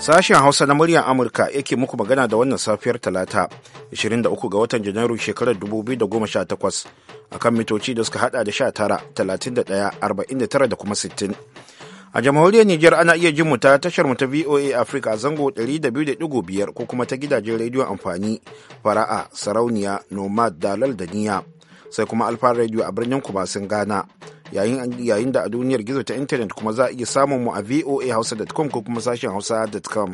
Sashen Hausa na muryar Amurka yake muku magana da wannan safiyar Talata 23 ga watan Janairu shekarar 2018 akan mitoci da suka hada da 19, tara da kuma 60. A jamhuriyar Nijar ana iya jin mu ta tashar mu ta VOA Africa zango 200.5 ko kuma ta gidajen rediyon amfani fara'a, sarauniya, nomad, dalal da niya sai kuma alfa rediyo a birnin sun gana. yayin da a duniyar gizo ta intanet kuma za a iya samun mu a voahausa.com ko kuma sashen hausa.com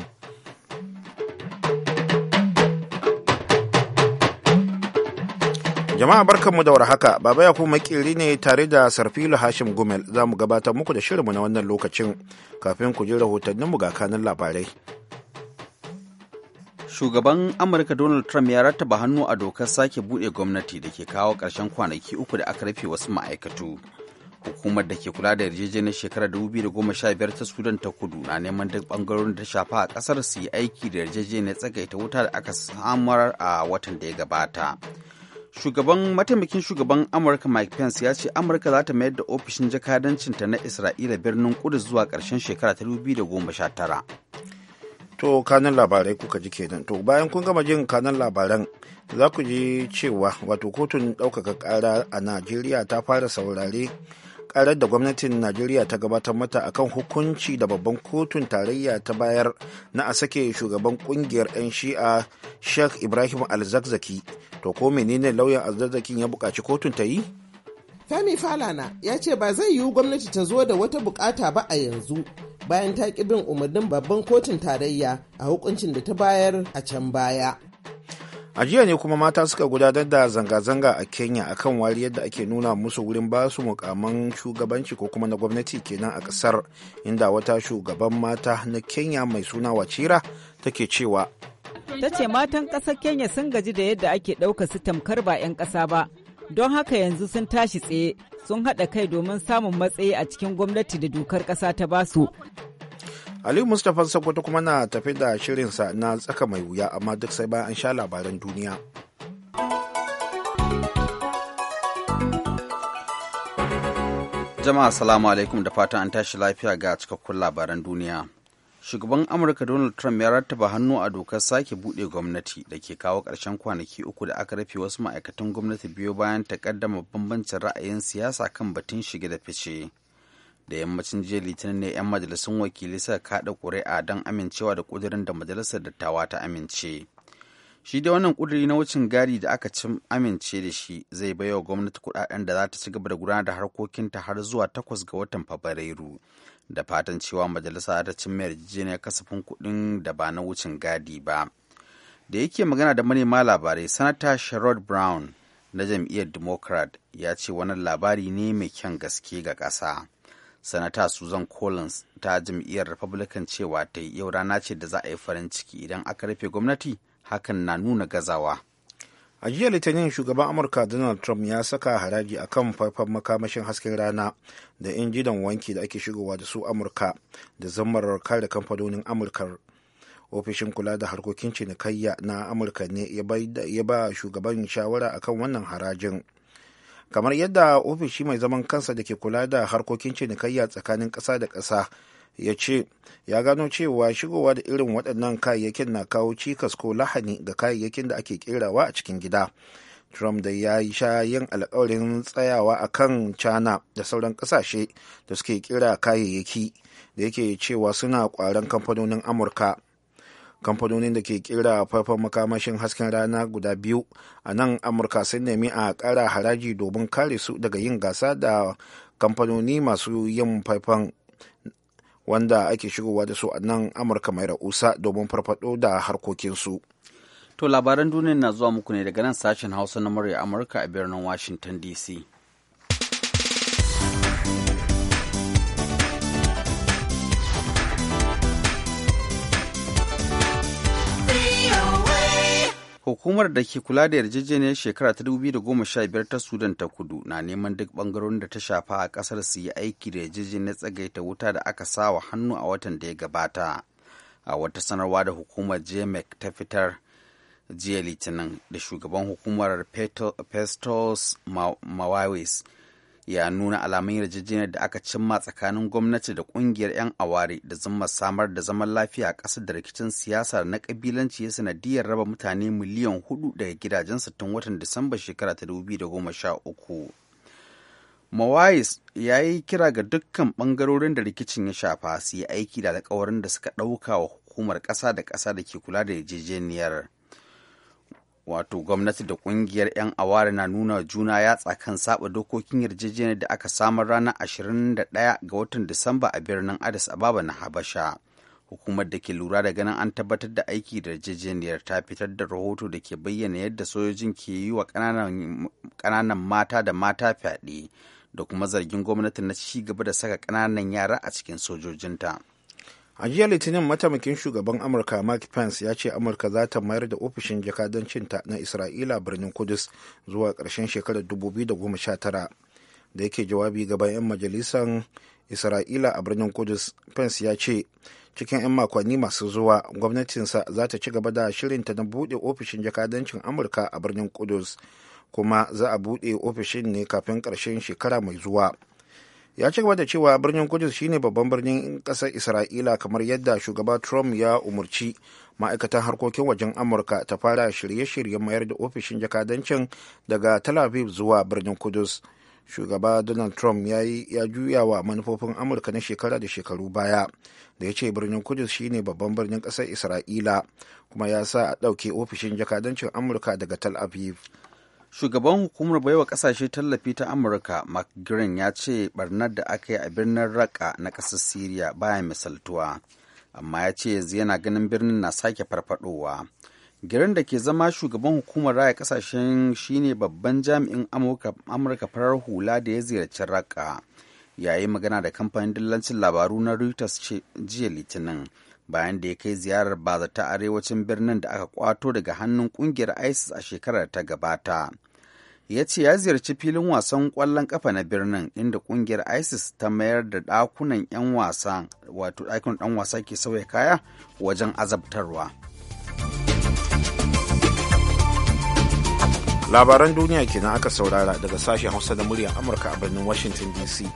jama'a barkanmu da warhaka baba ya kuma kiri ne tare da sarfilu hashim gumel za mu gabatar muku da shirinmu na wannan lokacin kafin ku ji rahotanninmu ga kanin labarai shugaban amurka donald trump ya rattaba hannu a dokar sake buɗe gwamnati da ke kawo karshen kwanaki uku da aka rufe wasu ma'aikatu hukumar da ke kula da yarjejeniyar shekarar 2015 ta sudan ta kudu na neman duk bangarorin da shafa a kasar su yi aiki da yarjejeniyar tsagaita wuta da aka samar a watan da ya gabata shugaban mataimakin shugaban amurka mike pence ya ce amurka za ta mayar da ofishin jakadancinta na isra'ila birnin kudus zuwa karshen shekara ta 2019 to kanan labarai kuka ji kenan to bayan kun gama jin kanan labaran za ku ji cewa wato kotun ɗaukaka ƙara a najeriya ta fara saurare karar da gwamnatin najeriya ta gabatar mata akan hukunci da babban kotun tarayya ta bayar na a sake shugaban kungiyar 'yan shi'a sheikh ibrahim alzakzaki to ko menene lauyan alzakzakin ya buƙaci kotun ta yi Femi Falana ya ce ba zai yiwu gwamnati ta zo da wata bukata ba a yanzu bayan ta ƙi bin umarnin babban kotun tarayya a hukuncin da ta bayar a can baya. a jiya ne kuma mata suka gudanar da zanga-zanga a kenya akan wariyar da ake nuna musu wurin ba su mukaman shugabanci ko kuma na gwamnati kenan a kasar inda wata shugaban mata na kenya mai suna wacira take cewa ta ce matan ƙasar kenya sun gaji da yadda ake ɗauka su tamkar ba 'yan ƙasa ba don haka yanzu sun tashi tsaye sun haɗa kai domin samun matsayi a cikin gwamnati da dokar ƙasa ta basu aliyu mustapha Sokoto kuma na tafi da shirinsa na tsaka mai wuya amma duk sai bayan an sha labaran duniya jama'a salamu alaikum da fatan an tashi lafiya ga cikakkun labaran duniya shugaban amurka donald trump ya rattaba hannu a dokar sake buɗe gwamnati da ke kawo ƙarshen kwanaki uku da aka rufe wasu ma'aikatan gwamnati biyu bayan ta ƙaddama bambancin ra'ayin siyasa kan batun shige da fice da yammacin jiya litinin ne 'yan majalisun wakili suka kaɗa ƙuri'a don amincewa da ƙudurin da majalisar dattawa ta amince shi da wannan ƙuduri na wucin gadi da aka cin amince da shi zai wa gwamnati kuɗaɗen da za ta ci gaba da gudanar da harkokinta har zuwa takwas ga watan fabrairu da fatan cewa majalisa ta cin jiya ne kasafin kuɗin da ba na wucin gadi ba da yake magana da manema labarai sanata sherrod brown na jam'iyyar democrat ya ce wannan labari ne mai kyan gaske ga ƙasa. sanata susan collins ta jam'iyyar republican cewa ta yi yau rana ce da za a yi farin ciki idan aka rufe gwamnati hakan na nuna gazawa a jiya litinin shugaban amurka donald trump ya saka haraji a kan faifan makamashin hasken rana da injinan wanki da ake shigowa da su amurka da zammarar kare kamfanonin amurkar ofishin kula da harkokin cinikayya na amurka ne ya ba shugaban shawara akan wannan harajin kamar yadda ofishi mai zaman kansa da ke kula da harkokin cinikayya tsakanin ƙasa da ƙasa ya ce ya gano cewa shigowa da irin waɗannan kayayyakin na kawo cikas ko lahani ga kayayyakin da ake kerawa a cikin gida trump da ya yi sha yin alkawarin tsayawa a kan china da sauran ƙasashe da suke kira kayayyaki da yake cewa suna kwaron kamfanonin amurka kamfanonin da ke kira faifan makamashin hasken rana guda biyu a nan amurka sun nemi a kara haraji domin kare su daga yin gasa da kamfanoni masu yin faifan wanda ake shigowa da su a nan amurka mai ra'usa domin farfado da harkokinsu to labaran duniya na zuwa muku ne daga nan sashen hausa na murya amurka a birnin washington dc hukumar da ke kula da yarjejeniyar shekara ta 2015 ta sudan ta kudu na neman duk bangarorin da ta shafa a kasar su yi aiki da yarjejeniyar tsagaita wuta da aka sawa hannu a watan da ya gabata a wata sanarwa da hukumar jmec ta fitar jiya litinin da shugaban hukumar pestos mawawis ya nuna alamun yarjejeniyar da aka cimma tsakanin gwamnati da kungiyar 'yan aware da zama samar da zaman lafiya a ƙasar da rikicin siyasar na ƙabilanci ya sanadiyar raba mutane miliyan hudu daga gidajensu tun watan disamba shekara ta 2013 mawais ya yi kira ga dukkan bangarorin da rikicin ya shafa su yi aiki da alkawarin da suka ɗauka wa hukumar ƙasa da ƙasa da ke kula da yarjejeniyar wato gwamnati da kungiyar 'yan awara na nuna juna ya tsakan saba dokokin yarjejeniyar da aka samar ranar 21 ga watan disamba a birnin addis ababa na habasha hukumar da ke lura da ganin an tabbatar da aiki da yarjejeniyar ta fitar da rahoto da ke bayyana yadda sojojin ke yi wa kananan mata da mata fyaɗe da kuma zargin gwamnati na ci gaba da saka kananan yara a cikin sojojinta. a jiya litinin mataimakin shugaban amurka mark pence ya ce amurka za ta mayar da ofishin jakadancinta na isra'ila birnin kudus zuwa ƙarshen shekarar 2019 da yake jawabi gaban 'yan majalisar isra'ila a birnin kudus pence ya ce cikin 'yan makonni masu zuwa gwamnatinsa za ta ci gaba da shirinta na buɗe ofishin jakadancin amurka a birnin kudus kuma za a buɗe ofishin ne kafin ƙarshen shekara mai zuwa ya ci gaba da cewa birnin kudus shine babban birnin kasar isra'ila kamar yadda shugaba trump ya umarci ma'aikatan harkokin wajen amurka ta fara shirye-shiryen mayar da ofishin jakadancin daga tel aviv zuwa birnin kudus shugaba donald trump ya, ya juya wa manufofin amurka na shekara da shekaru baya da ya ce birnin kudus shine babban birnin kasar isra'ila kuma ya sa a ɗauke ofishin jakadancin amurka daga tel aviv shugaban hukumar baiwa kasashe tallafi ta amurka mark green ya ce barnar da aka yi a birnin raka na ƙasar syria baya misaltuwa amma ya ce yanzu yana ganin birnin na sake farfadowa Girin da ke zama shugaban hukumar raya kasashen shine babban jami'in amurka farar hula da ya ziyarci raka yayi magana da kamfanin dillancin labaru na reuters jiya litinin bayan da ya kai ziyarar ta arewacin birnin da aka kwato daga hannun kungiyar isis a shekarar ta gabata ya ce ya ziyarci filin wasan kwallon kafa na birnin inda kungiyar isis ta mayar da dakunan 'yan wasa wato dakunan dan wasa ke sauya kaya wajen azabtarwa labaran duniya kenan aka saurara daga sashen hausa da muryar amurka a birnin washington dc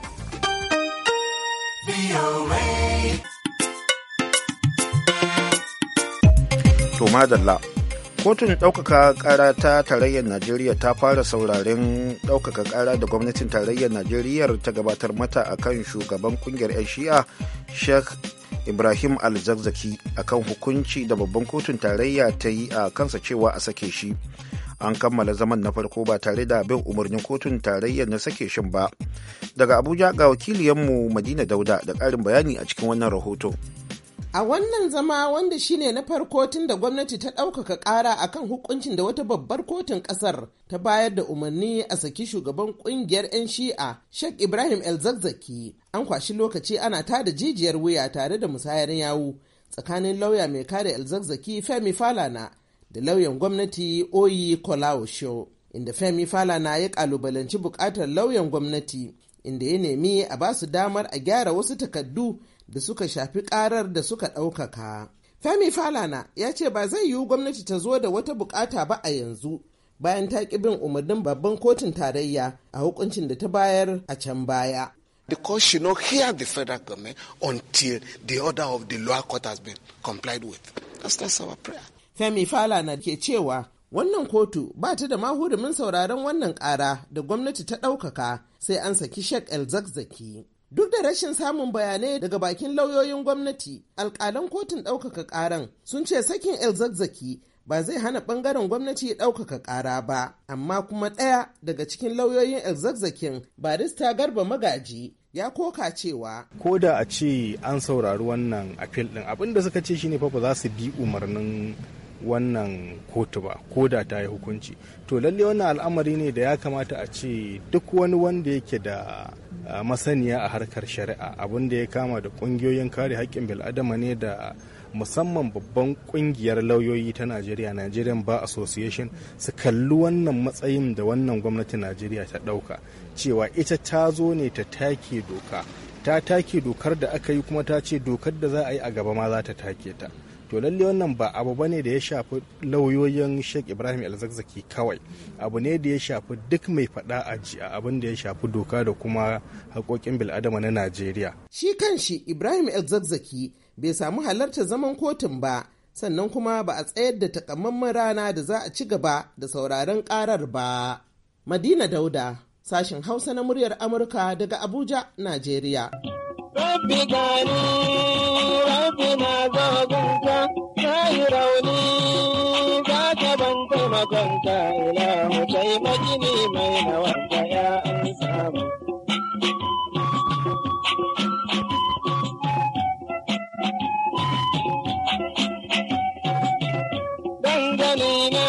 to madalla kotun ɗaukaka ƙara ta tarayyar najeriya ta fara sauraren ɗaukaka ƙara da gwamnatin tarayyar najeriya ta gabatar mata a kan shugaban ƙungiyar 'yan shi'a sheikh ibrahim al-zakzaki a kan hukunci da babban kotun tarayya ta yi a kansa cewa a sake shi an kammala zaman na farko ba tare da bin umarnin kotun tarayyar na sake shin ba daga abuja ga wakiliyanmu madina dauda da ƙarin bayani a cikin wannan rahoto. A wannan zama wanda shine na farko tun da gwamnati ta ɗaukaka ƙara a kan hukuncin da wata babbar kotun ƙasar ta bayar da umarni a saki shugaban ƙungiyar 'yan shi'a Sheikh Ibrahim El Zazzaki an kwashi lokaci ana tada jijiyar wuya tare da musayar yawu tsakanin lauya mai kare El Zazzaki Femi Falana da lauyan gwamnati Oyi Kolawosho inda Femi Falana ya ƙalubalanci buƙatar lauyan gwamnati inda ya nemi a basu damar a gyara wasu takaddu da suka shafi karar da suka ɗaukaka. Femi Falana ya ce ba zai yiwu gwamnati ta zo da wata bukata ba a yanzu bayan ta ƙi bin umarnin babban kotun tarayya a hukuncin da ta bayar a can baya. Because she not hear the federal the order of the lower court with. That's, that's our prayer. Femi Falana ke cewa wannan kotu ba ta da mahurumin sauraron wannan ƙara da gwamnati ta ɗaukaka sai an saki Sheikh El Zakzaki. Duk da rashin samun bayanai daga bakin lauyoyin gwamnati, alkalan kotun ɗaukaka ƙaran sun ce sakin El zagzaki ba zai hana ɓangaren gwamnati ɗaukaka ƙara ba, amma kuma ɗaya daga cikin lauyoyin El zagzakin barista Garba Magaji ya koka cewa ko da a ce an saurari wannan appeal ɗin abin da suka ce shine fa ba za su bi umarnin wannan kotu ba ko da ta yi hukunci to lalle wannan al'amari ne da ya kamata a ce duk wani wanda yake da masaniya a harkar shari'a abin da ya kama da kungiyoyin kare haƙƙin bil'adama ne da musamman babban kungiyar lauyoyi ta najeriya nigerian bar association su kalli wannan matsayin da wannan gwamnatin najeriya ta ɗauka cewa ita ta zo ne ta take doka ta take dokar da aka yi kuma ta ce dokar da za a yi a gaba ma za ta take ta to lalle wannan ba abu bane da ya shafi lauyoyin Sheikh Ibrahim Alzakzaki kawai abu ne da ya shafi duk mai fada a a abin da ya shafi doka da kuma haƙoƙin bil'adama na Najeriya shi kan shi Ibrahim Alzakzaki bai samu halartar zaman kotun ba sannan kuma ba a tsayar da takamaiman rana da za a ci gaba da sauraron karar ba. Madina Dauda, sashen Hausa na muryar Amurka daga Abuja, Najeriya. Rabbi gani, rabbi na zogonka, na yi rauni, za ta ban taimakonka, ilahu taimaki ne mai hawanka ya an samu. Dangane na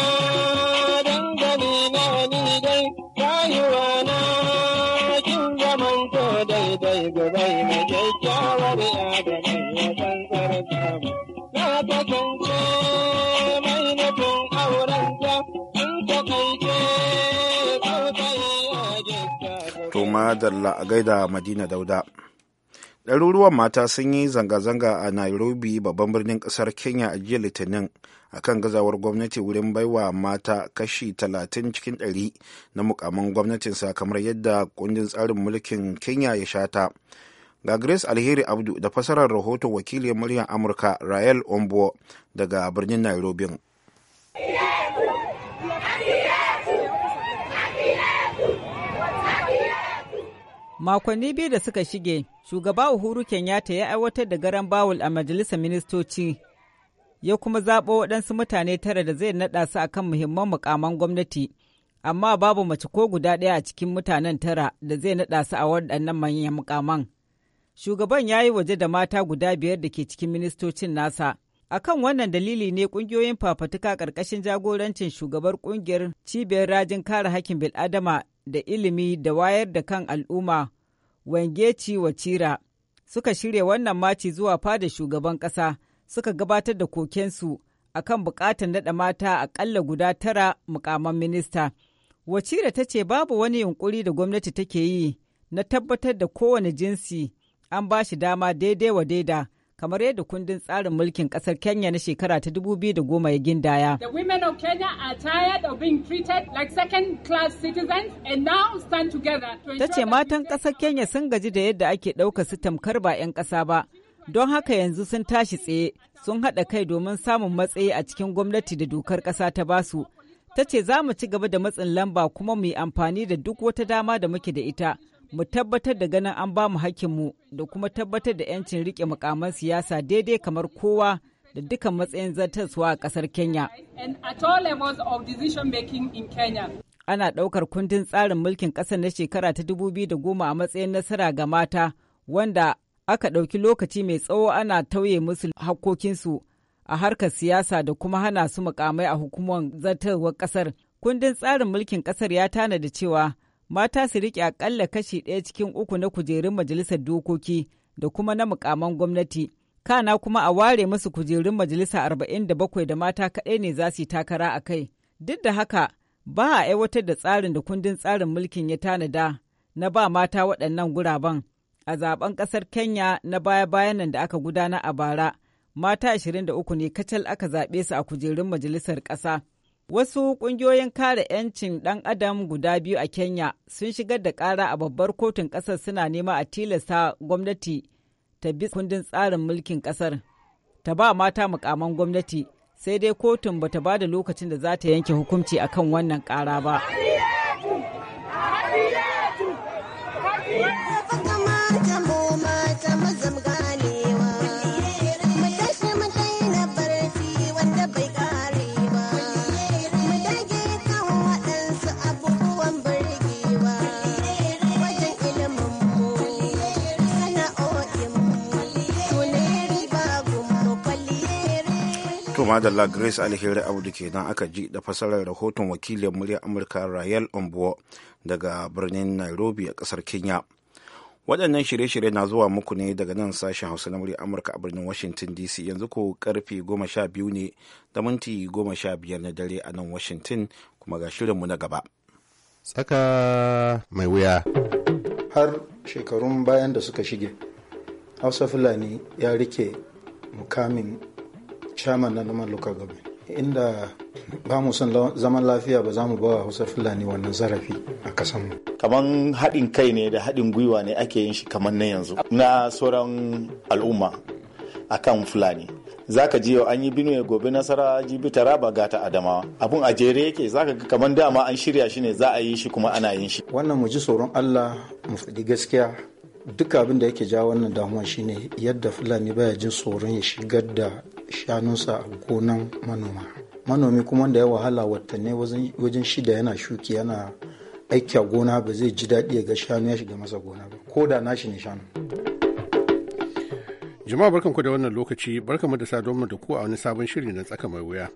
madalla a gaida madina dauda ɗaruruwan mata sun yi zanga-zanga a nairobi babban birnin ƙasar kenya a jiya litinin akan gazawar gwamnati wurin baiwa mata kashi talatin cikin ɗari na mukamin gwamnatinsa kamar yadda kundin tsarin mulkin kenya ya shata ga grace alheri abdu da fasarar rahoton wakilin muryar amurka rael ombo daga birnin nairobi makonni biyu da suka shige shugaba uhuru kenyatta ya aiwatar da garan bawul a majalisar ministoci ya kuma zaɓo waɗansu mutane tara da zai naɗa su a kan muhimman mukaman gwamnati amma babu mace ko guda ɗaya a cikin mutanen tara da zai naɗa su a waɗannan manyan mukaman shugaban ya yi waje da mata guda biyar da ke cikin ministocin nasa akan wannan dalili ne ƙungiyoyin fafatuka ƙarƙashin jagorancin shugabar ƙungiyar cibiyar rajin kare hakkin bil'adama da ilimi da wayar da kan al'umma Wengechi Wachira suka shirya wannan maci zuwa fada shugaban ƙasa suka gabatar da kokensu akan buƙatar naɗa mata aƙalla guda tara mukaman minista. Wacira ta ce babu wani yunƙuri da gwamnati take yi na tabbatar da kowane jinsi an ba shi dama daidai wa daida kamar yadda kundin tsarin mulkin kasar Kenya na shekara ta 2010 ya gindaya. The women of Kenya are of being like second class citizens and now stand together to Ta ce matan kasar Kenya sun gaji da yadda ake ɗaukar su tamkar ba 'yan ƙasa ba. Don haka yanzu sun tashi tsaye sun haɗa kai domin samun matsayi a cikin gwamnati da dokar ƙasa ta basu. tace za mu ci gaba da matsin lamba kuma mu yi amfani da duk wata dama da muke da ita. mu tabbatar da ganin an ba mu hakkinmu da kuma tabbatar da 'yancin rike mukaman siyasa daidai kamar kowa da dukkan matsayin zartaswa a kasar Kenya. Ana ɗaukar kundin tsarin mulkin ƙasar na shekara ta 2010 a matsayin nasara ga mata wanda aka ɗauki lokaci mai tsawo ana tauye musu hakkokinsu a harkar siyasa da kuma hana su mukamai a hukumar zartarwar ƙasar. Kundin tsarin mulkin ƙasar ya tanada cewa mata su riƙe aƙalla kashi ɗaya cikin uku na kujerun majalisar dokoki da kuma na mukaman gwamnati kana kuma a ware musu kujerun majalisa arba'in da bakwai da mata kaɗai ne za su yi takara a kai duk da haka ba a aiwatar da tsarin da kundin tsarin mulkin ya tanada na ba mata waɗannan guraben a zaben ƙasar kenya na baya-bayan nan da aka gudana a bara mata ashirin da uku ne kacal aka zaɓe su a kujerun majalisar ƙasa Wasu ƙungiyoyin kare 'yancin ɗan adam guda biyu a Kenya sun shigar da ƙara a babbar kotun ƙasar suna nema a tilasta gwamnati ta bi kundin tsarin mulkin ƙasar. Ta ba mata mukaman gwamnati sai dai kotun bata ba da lokacin da za ta yanke hukunci akan wannan ƙara ba. madalla grace alheri ke nan aka ji da fasarar rahoton wakilin murya amurka rayel ombuo daga birnin nairobi a kasar kenya waɗannan shirye-shirye na zuwa muku ne daga nan sashen hausa na murya amurka a birnin washington dc yanzu ko karfe 12 ne da minti 15 na dare a nan washington kuma ga shirinmu na gaba tsaka mai wuya har shekarun bayan da suka shige hausa fulani ya rike mukamin chairman na naman local government inda ba mu son zaman lafiya ba za mu ba hausa fulani wannan zarafi a kasanmu. Kamar haɗin kai ne da haɗin gwiwa ne ake yin shi kamar na yanzu na sauran al'umma a akan fulani zaka ji yau an yi binuwe gobe nasara jibi taraba gata adamawa abun a jere yake zaka ga kamar dama an shirya shi ne za a yi shi kuma ana yin shi wannan mu ji tsoron allah mu faɗi gaskiya duk abin da yake jawo wannan damuwa shine yadda fulani baya jin tsoron ya shigar da shanunsa a gonan manoma manomi kuma da ya wahala watanni wajen shida yana shuki yana aiki a gona ba zai ji daɗi ya ga shanu ya shiga masa gona ba ko da nashi ne shanu jama'a barkanku da wannan lokaci barkanmu da saduwar da ku a wani sabon shiri na tsaka mai wuya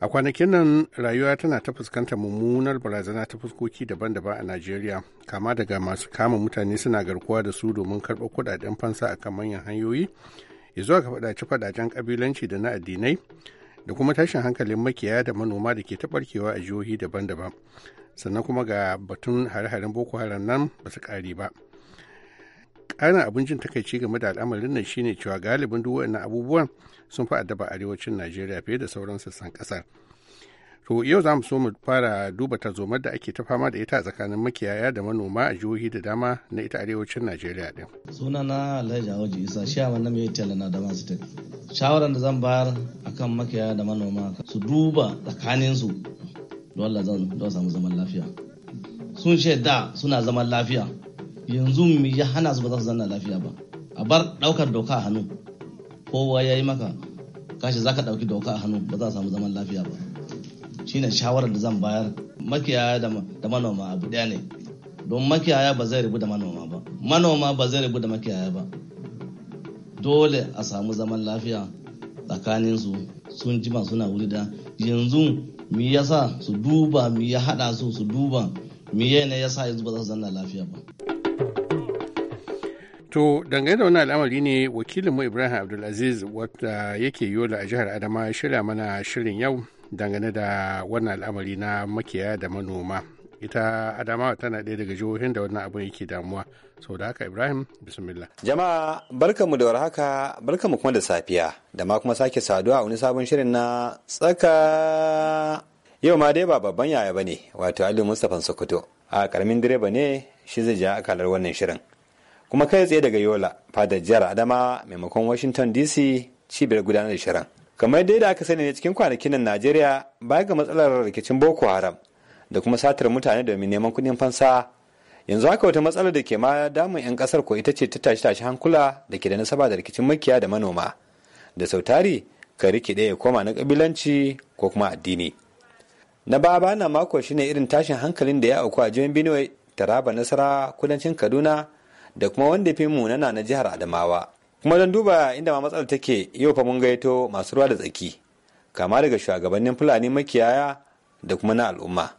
a kwanakin nan rayuwa tana ta fuskantar mummunar barazana ta fuskoki daban-daban a najeriya kama daga masu kama mutane suna garkuwa da su domin karɓar kuɗaɗen fansa akan manyan hanyoyi ya zuwa ga fadace- faɗacen kabilanci da na addinai da kuma tashin hankalin makiyaya da manoma da ke taɓarkewa a jihohi daban-daban sannan kuma ga batun hare-haren boko haram nan ba su ƙare ba ƙarin abincin takaici game da al'amarin nan shine cewa galibin duk waɗannan abubuwan sun fi addaba arewacin najeriya fiye da sauran sassan ƙasar To yau za mu so mu fara duba tarzomar da ake ta fama da ita a tsakanin makiyaya da manoma a jihohi da dama na ita arewacin Najeriya din. Suna na Alhaji Awaji Isa shi a mai tela na dama su tafi. Shawaran da zan bayar akan makiyaya da manoma su duba tsakanin su dole zan don samu zaman lafiya. Sun shaida suna zaman lafiya yanzu mu ya hana su ba za su zanna lafiya ba. A bar ɗaukar doka a hannu kowa ya yi maka kashi za ka ɗauki doka a hannu ba za a samu zaman lafiya ba. shine shawarar da zan bayar makiyaya da manoma abu daya ne don makiyaya ba zai rabu da manoma ba manoma ba zai rabu da makiyaya ba dole a samu zaman lafiya tsakanin su sun jima suna wuri da yanzu mi yasa su duba mi ya hada su su duba mi ne yasa yanzu ba za su zanna lafiya ba To dangane da wani al'amari ne wakilinmu Ibrahim Abdulaziz wata yake yola a jihar Adama shirya mana shirin yau dangane da wannan al'amari na makiyaya da manoma ita adamawa tana ɗaya daga jihohin da wannan abin yake damuwa sau da haka ibrahim bismillah jama'a barkanmu da warhaka barkanmu kuma da safiya da ma kuma sake saduwa a wani sabon shirin na tsaka yau ma dai ba babban yaya ba ne wato ali mustapha sokoto a karamin direba ne shi zai ja akalar wannan shirin kuma kai tsaye daga yola fadar jihar adama maimakon washington dc cibiyar gudanar da shirin kamar dai da aka sani ne cikin kwanakin nan najeriya baya ga matsalar rikicin boko haram da kuma satar mutane domin neman kuɗin fansa yanzu haka wata matsalar da ke ma damun 'yan kasar ko ita ce ta tashi tashi hankula da ke da nasaba da rikicin makiya da manoma da sautari ka rikide ya koma na kabilanci ko kuma addini na ba na mako shine irin tashin hankalin da ya auku a jihohin benue taraba nasara kudancin kaduna da kuma wanda fi munana na jihar adamawa kuma don duba inda ma matsalar take yau fa mun gaito masu ruwa da tsaki kama daga shugabannin fulani makiyaya da kuma na al'umma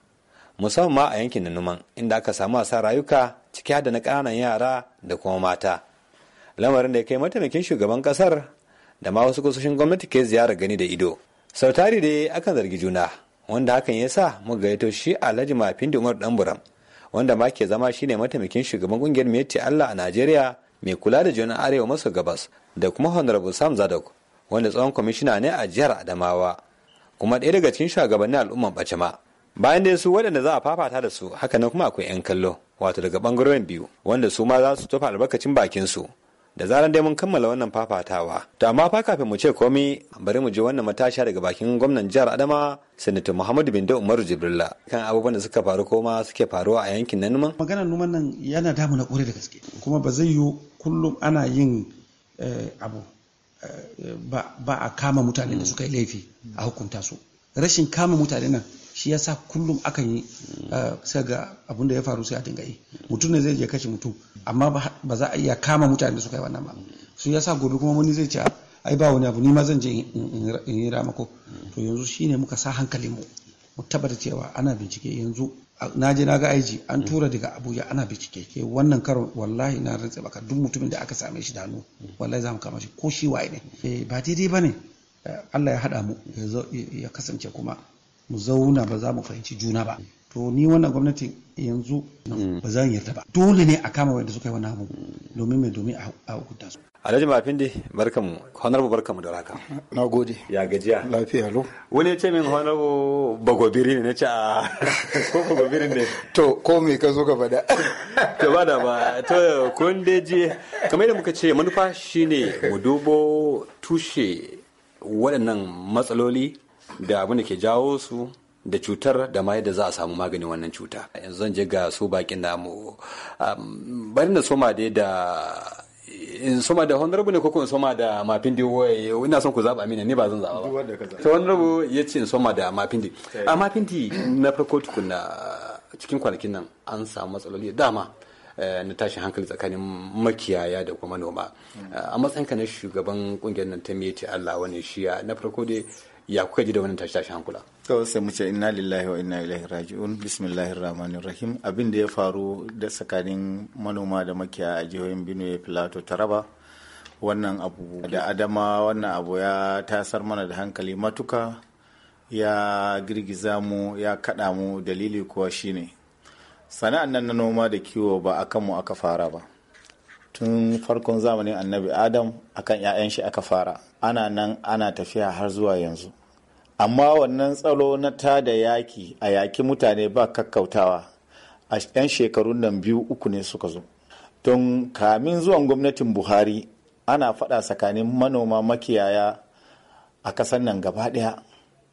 musamman ma a yankin nanuman, inda aka samu asa rayuka ciki da na ƙananan yara da kuma mata lamarin da ya kai mataimakin shugaban ƙasar da ma wasu kusoshin gwamnati ke ziyarar gani da ido sau tari dai akan zargi juna wanda hakan ya sa mu gaito shi alhaji mafin umar dan buram wanda ma ke zama shine mataimakin shugaban kungiyar meti allah a najeriya mai kula da jonin arewa maso gabas da kuma honorable sam zadok wanda tsawon kwamishina ne a jihar adamawa kuma ɗaya daga cikin shugabannin al'umman bacema bayan dai su waɗanda za a fafata da su haka nan kuma akwai 'yan kallo wato daga ɓangarorin biyu wanda su ma za su tofa albarkacin bakin su da zaran dai mun kammala wannan fafatawa to amma fa kafin mu ce komai bari mu je wannan matasha daga bakin gwamnan jihar adama sanata muhammadu bindo umaru jibrila kan abubuwan da suka faru ko ma suke faruwa a yankin nanuman? numan maganar numan nan yana damu na kore da gaske kuma ba zai yiwu kullum ana yin eh, abu eh, ba a kama mutane da suka yi laifi a hukunta su rashin kama mutane nan shi ya sa kullum aka yi eh, sai ga abin da ya faru sai a dinga yi mutum ne zai je kashe mutum amma ba za a iya kama mutane da suka yi wannan ba su ya sa gobe kuma wani zai ce ai ba wani abu ni ma zan je in yi ramako to yanzu shine muka sa hankalin mu mu tabbata cewa ana bincike yanzu na je na ga aiji an tura daga Abuja ana keke wannan karon wallahi na rantsa baka duk mutumin da aka same shi da hannu wallahi za mu kama shi ko shi waye ne eh, ba daidai bane eh, Allah ya hada mu ya kasance kuma mu zauna ba za mu fahimci juna ba to ni wannan gwamnati yanzu mm. ba zan yarda ba dole ne a kama wanda suka yi wannan abu domin mai domin a hukunta su Alhaji Mafindi barkamu honorable barkamu da raka na gode ya gajiya lafiya lo wani ce min honorable bagobiri ne nace a ah, ko bagobiri ne to ko me ka zo ka fada to ba da ba to kun je. kamar yadda muka ce manufa shine mu dubo tushe waɗannan matsaloli da abin da ke jawo su da cutar da ma yadda za a samu maganin wannan cuta yanzu zan je ga su bakin namu um, bari na soma dai da in soma da honorable ne ko in soma da mafindi ina son ku zaba amina ne ba zan zaba ba to honorable ya ce in soma da mafindi eh. a mafindi na farko tukuna cikin kwanakin nan an samu matsaloli dama eh, na tashin hankali tsakanin makiyaya da kuma noma hmm. a ka na shugaban kungiyar nan ta meti Allah wani shiya na farko dai ya kuka ji da wannan tashin hankula kawai sai mu ce lillahi wa inna ilaihi raji'un bismillahir rahmanir rahim abin da ya faru da tsakanin manoma da makiya a jihohin Benue Plateau Taraba wannan abu da adama wannan abu ya tasar mana da hankali matuka ya girgiza mu ya kada mu dalili kuwa shine sana'an nan na noma da kiwo ba a kanmu aka fara ba tun farkon zamanin annabi adam akan 'ya'yan shi aka fara ana nan ana tafiya har zuwa yanzu amma wannan tsaro na ta da yaki a yaki mutane ba kakkautawa a 'yan shekarun nan biyu uku ne suka zo Tun kamin zuwan gwamnatin buhari ana faɗa tsakanin manoma makiyaya a ƙasar nan gaba ɗaya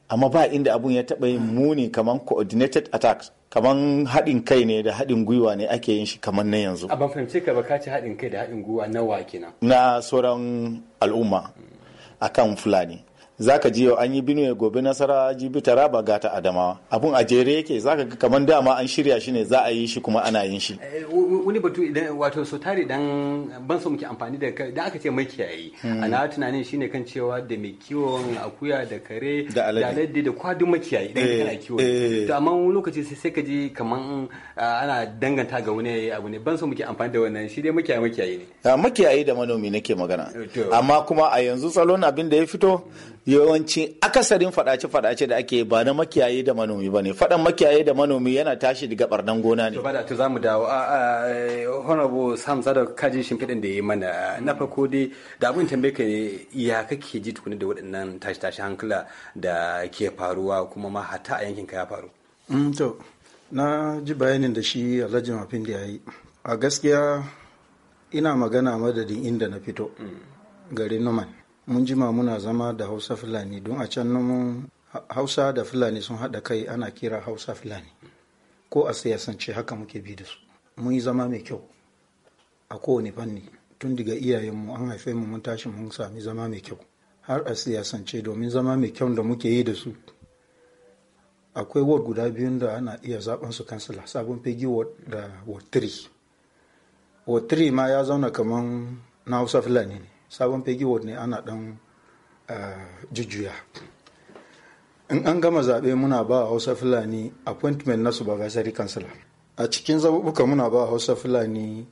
amma ba inda abun ya taɓa yin muni kamar coordinated attacks kamar haɗin kai ne da haɗin gwiwa ne ake yin shi kamar na yanzu. A ban fahimce ka ba ka ci haɗin kai da haɗin gwiwa na wa kenan. Na sauran al'umma akan Fulani. zaka ji yau an yi Benue gobe nasara jibi ga ta adamawa abun a jere yake zaka ga kamar dama an shirya shi ne za a yi shi kuma ana yin shi eh, wani batu idan wato so tare dan ban so muke amfani da da aka ce makiyayi hmm. ana tunanin shine kan cewa da mai kiwon akuya da kare da alade da kwadun makiyayi dan kana eh, kiwo eh. to amma wani lokaci sai sai ka ji kaman ana danganta ga wani abu ne ban so muke amfani da wannan shi dai makiyayi makiyayi ne makiyayi da manomi nake magana amma kuma a yanzu salon abin da ya fito yawanci akasarin fadace-fadace da ake ba na makiyaye da manomi ba ne fadan makiyaye da manomi yana tashi daga barnan gona ne Ba bada to za mu dawo honorable sam sada kaji shimfiɗin da ya mana na farko dai da abin tambaye ka ne ya kake ji tukuni da waɗannan tashi-tashi hankula da ke faruwa kuma ma hata a yankin ka ya faru mm, to na ji bayanin da shi alhaji mafin da ya yi a gaskiya ina magana madadin inda na fito mm. garin numan mun jima muna zama da hausa fulani don a can mun hausa da fulani sun haɗa kai ana kira hausa fulani ko a siyasance haka muke bi da su mun yi zama mai kyau a kowane fanni tun daga iyayenmu an haife mu mun tashi mun sami zama mai kyau har a siyasance domin zama mai kyau da muke yi da su akwai ward guda biyun da ana iya zaben su kansila sabon fegi da ward 3 ward 3 ma ya zauna kaman na hausa fulani ne sabon fegi ward ne ana dan eh, jujjuya in an gama zaɓe muna ba hausa fulani appointment na supervisory councilor a cikin zaɓuɓɓuka muna ba hausa fulani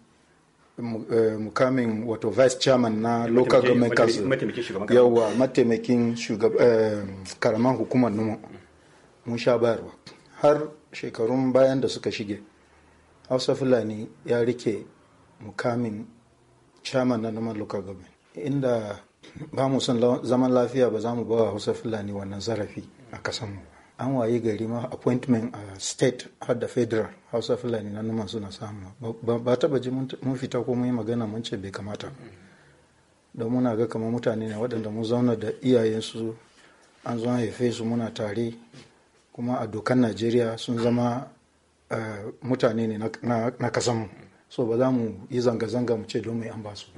eh, mukamin wato vice chairman na local government council yawa mataimakin eh, karaman hukumar numa mun sha bayarwa har shekarun bayan da suka shige hausa fulani ya rike mukamin chairman na numa local government inda ba mu son zaman lafiya ba za mu ba hausa fulani wannan zarafi a kasan mu. an waye gari ma appointment a state har da federal hausa fulani na numan suna samu ba taba ji mun fita ko mun yi magana mun ce bai kamata don muna ga kamar mutane ne waɗanda mun zauna da iyayensu an zo haife su muna tare kuma a dokan najeriya sun zama eh, mutane ne na kasan mu. so ba za mu yi zanga-zanga mu ce don mai an ba su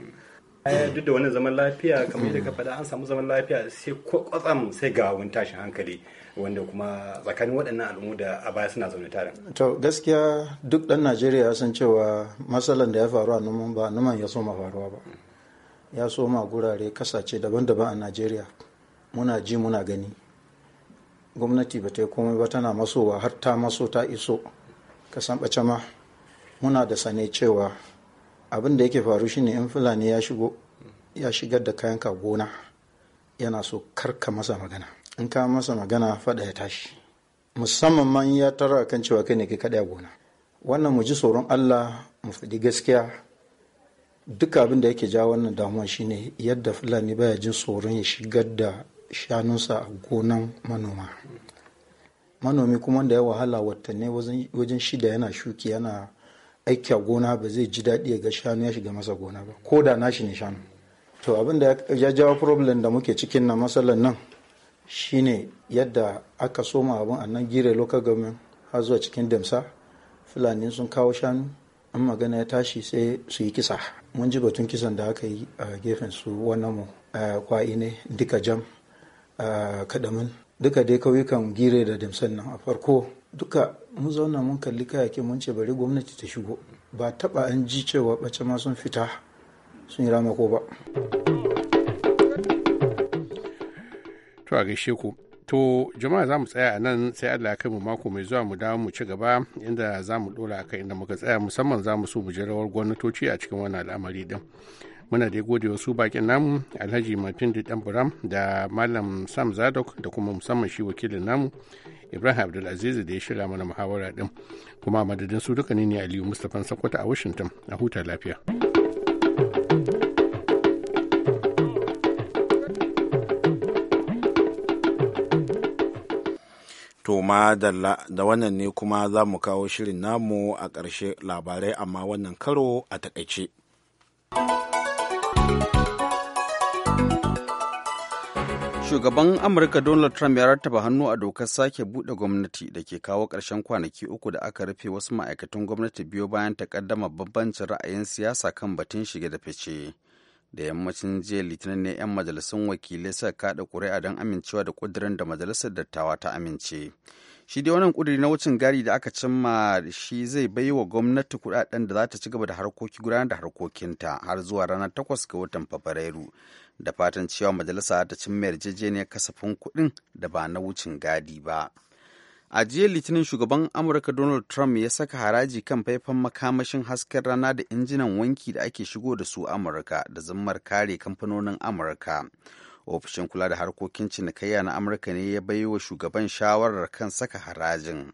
duk da wani zaman lafiya kamar yadda ka faɗa an samu zaman lafiya sai kwatsam sai ga wani tashin hankali wanda kuma tsakanin waɗannan al'ummu da a baya suna zaune tare. to gaskiya duk ɗan najeriya ya san cewa matsalar da ya faru a numan ba numan ya soma faruwa ba ya soma gurare kasace daban-daban a najeriya muna ji muna gani gwamnati ba ta yi komai ba tana masowa har ta maso ta iso ka san ma muna da sane cewa abin da yake faru shine in fulani ya shigo ya shigar da kayan ka gona yana so karka masa magana in ka masa magana fada ya tashi musamman ma ya tara kan cewa kai ne kai kaɗai a gona wannan mu ji tsoron allah mu faɗi gaskiya duk abin da yake ja wannan damuwa shine yadda fulani baya jin tsoron ya shigar da shanunsa a gonan manoma manomi kuma da ya wahala watanni wajen shida yana shuki yana aiki a gona ba zai ji daɗi ga shanu ya shiga masa gona ba ko da nashi ne shanu to abin da ya jawo problem da muke cikin na matsalar nan shine yadda aka soma abin a nan gire local government har zuwa cikin damsa fulani sun kawo shanu in magana ya tashi sai su yi kisa mun ji batun kisan da aka yi a gefen su wannan mu kwa'i ne duka jam kadamin duka dai kauyukan gire da damsan nan a farko duka mun zauna mun kalli kayakin mun ce bari gwamnati ta shigo ba taba an ji cewa bace ma sun fita sun yi ramako ba to a gaishe ku to jama'a za mu tsaya a nan sai allah kai mu mako mai zuwa mu dawo mu ci gaba inda za mu dora a inda muka tsaya musamman za mu so mu ji rawar gwamnatoci a cikin wannan al'amari din muna da gode wasu bakin namu alhaji martin da dan buram da malam sam zadok da kuma musamman shi wakilin namu ibrahim abdulaziz da ya shirya mana muhawara din kuma madadin su duka ne aliyu mustapha sakwata a washington a huta lafiya to ma da wannan ne kuma za mu kawo shirin namu a ƙarshe labarai amma wannan karo a takaice. Shugaban Amurka Donald Trump ya rattaba hannu a dokar sake buɗe gwamnati da ke kawo karshen kwanaki uku da aka rufe wasu ma'aikatan gwamnati biyu bayan ta kaddama babbancin ra'ayin siyasa kan batun shige da fice. Da yammacin jiya Litinin ne 'yan majalisun wakilai suka kaɗa ƙuri'a don amincewa da ƙudurin da majalisar dattawa ta amince. Shi dai wannan ƙuduri na wucin gari da aka cimma shi zai bai wa gwamnati kuɗaɗen da za ta ci gaba da harkoki gudanar da harkokinta har zuwa ranar takwas ga watan Fabrairu. da fatan cewa majalisa ta cimma yarjejeniyar kasafin kuɗin da ba na wucin gadi ba. A jiya Litinin shugaban Amurka Donald Trump ya saka haraji kan faifan makamashin hasken rana da injinan wanki da ake shigo da su Amurka da zammar kare kamfanonin Amurka. Ofishin kula da harkokin cinikayya na Amurka ne ya bai wa shugaban shawarar kan saka harajin.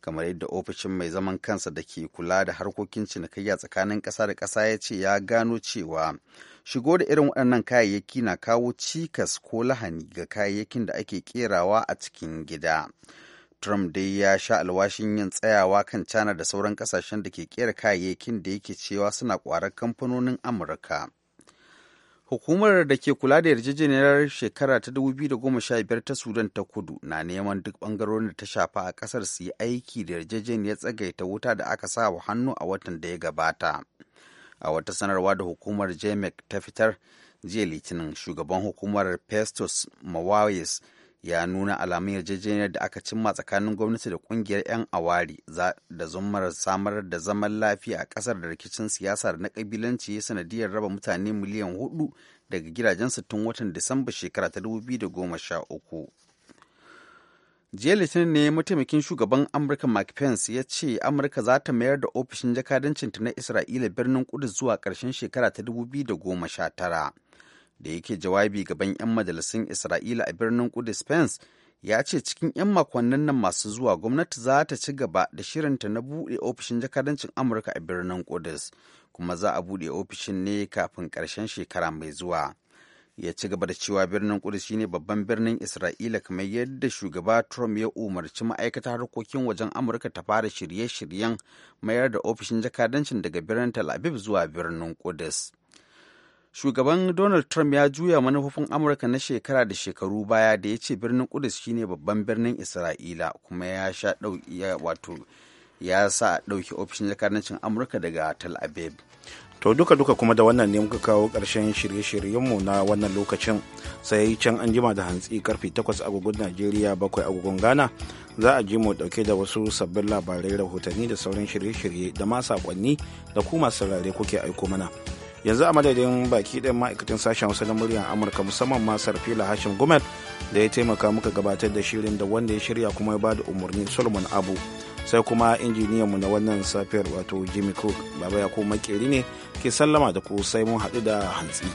Kamar yadda ofishin mai zaman kansa da ke kula da harkokin cinikayya tsakanin ƙasa da ƙasa ya ce ya gano cewa shigo da irin waɗannan kayayyaki na kawo cikas ko lahani ga kayayyakin da ake kerawa a cikin gida trump dai ya sha alwashin yin tsayawa kan cana da sauran kasashen da ke kera kayayyakin da yake cewa suna kwarar kamfanonin amurka hukumar da ke kula da yarjejeniyar shekara ta 2015 ta sudan ta kudu na neman duk ɓangarorin da ta shafa a ƙasar su yi aiki da yarjejeniyar tsagaita wuta da aka sa wa hannu a watan da ya gabata a wata sanarwa da hukumar jmec ta fitar jiya litinin shugaban hukumar festus mawayes ya nuna alamun yarjejeniyar da aka cimma tsakanin gwamnati da kungiyar 'yan awari da zumar samar da zaman lafiya a kasar da rikicin siyasa na kabilanci ya sanadiyar raba mutane miliyan hudu daga gidajensu tun watan disamba shekara ta 2013 jiya litinin ne mataimakin shugaban amurka mike pence ya ce amurka za ta mayar da ofishin jakadancinta na isra'ila birnin kudus zuwa ƙarshen shekara ta 2019 da yake jawabi gaban 'yan majalisun isra'ila a birnin kudus pence ya ce cikin 'yan makonnin nan masu zuwa gwamnati za ta ci gaba da shirinta na buɗe ofishin jakadancin amurka a birnin kudus kuma za a buɗe ofishin ne kafin ƙarshen shekara mai zuwa ya ci gaba da cewa birnin Kudus shine babban birnin Isra'ila kamar yadda shugaba Trump ya umarci ma'aikata harkokin wajen Amurka ta fara shirye-shiryen mayar da ofishin jakadancin daga birnin Tel Aviv zuwa birnin Kudus. Shugaban Donald Trump ya juya manufofin Amurka na shekara da shekaru baya da ya ce birnin Kudus shine babban birnin Isra'ila kuma ya sha wato ya sa ɗauki ofishin jakadancin Amurka daga Tel Aviv. to duka-duka kuma da wannan ne muka kawo ƙarshen shirye-shiryenmu na wannan lokacin sai can an jima da hantsi karfe takwas agogon najeriya bakwai agogon ghana za a ji mu dauke da wasu sabbin labarai rahotanni da sauran shirye-shirye da ma sakonni da kuma sarare kuke aiko mana yanzu a madadin baki ɗin ma'aikatan sashen wasu na muryar amurka musamman ma sarfila hashim gumel da ya taimaka muka gabatar da shirin da wanda ya shirya kuma ya bada umarni solomon abu sai kuma injiniyanmu na wannan safiyar wato jimmy cook baba ya ko makeri ne ke sallama da ku sai mun haɗu da hantsi.